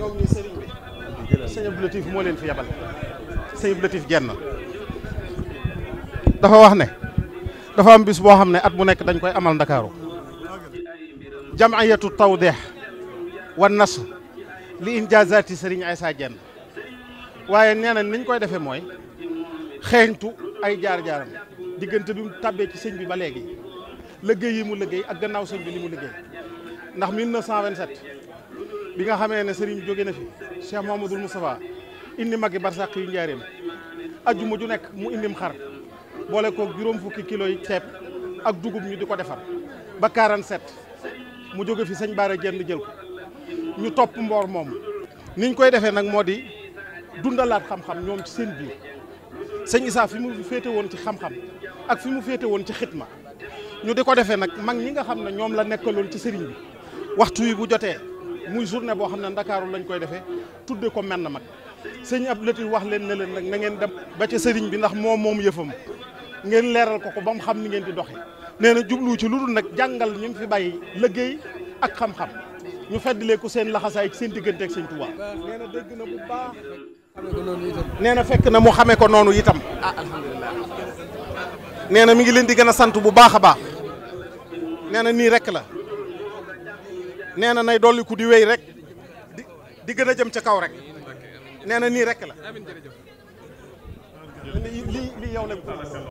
ñoom ñi moo leen fi yabal sëñ Abdou Latif genn dafa wax ne dafa am bis boo xam ne at mu nekk dañ koy amal ndakaaru taw tawdeex wa nas li injaazaati sëriñ Aysa Jenn waaye nee na niñ koy defee mooy xeeñtu ay jaar-jaaram diggante bi mu tàbbee ci sëñ bi ba léegi liggéey yi mu liggéey ak gannaaw sëñ bi li mu liggéey ndax 1927 bi nga xamee ne sëriñ jóge na fi Cheikh Mouhamadoul Moustapha indi magi barsàq yu njaareem ajjuma ju nekk mu indim xar boole ko juróom fukki kilo yi ceeb ak dugub ñu di ko defar ba 47 mu jóge fi sëñ Baara jenn jël ko ñu topp mboor moom niñ koy defee nag moo di dundalaat xam-xam ñoom ci seen biir sëñ Issa fi mu féete woon ci xam-xam ak fi mu féete woon ci xitma ñu di ko defee nag mag ñi nga xam ne ñoom la nekkaloon ci sëriñ bi waxtu yi bu jotee mu jur ne boo xam ne ndakaaru lañ koy defee tudde ko menn mag sëñ ab lati wax leen ne leen nag na ngeen dem ba ca sëriñ bi ndax moo moom yëfam ngeen leeral ko ko ba mu xam ni ngeen di doxe nee na jublu ci lu dul nag jàngal ñu fi bay liggéey ak xam-xam ñu feddalee ko seen laxasaay ci seen diggante ak seen Tuubaa nee na dégg na bu baax nee na fekk na mu xamee ko noonu itam ah, nee na mi ngi leen di gën a sant bu baax a baax nee nii rek la nee na nay dolliku di wey rek di di gën a jëm ca kaw rek nee na nii rek la li li yow la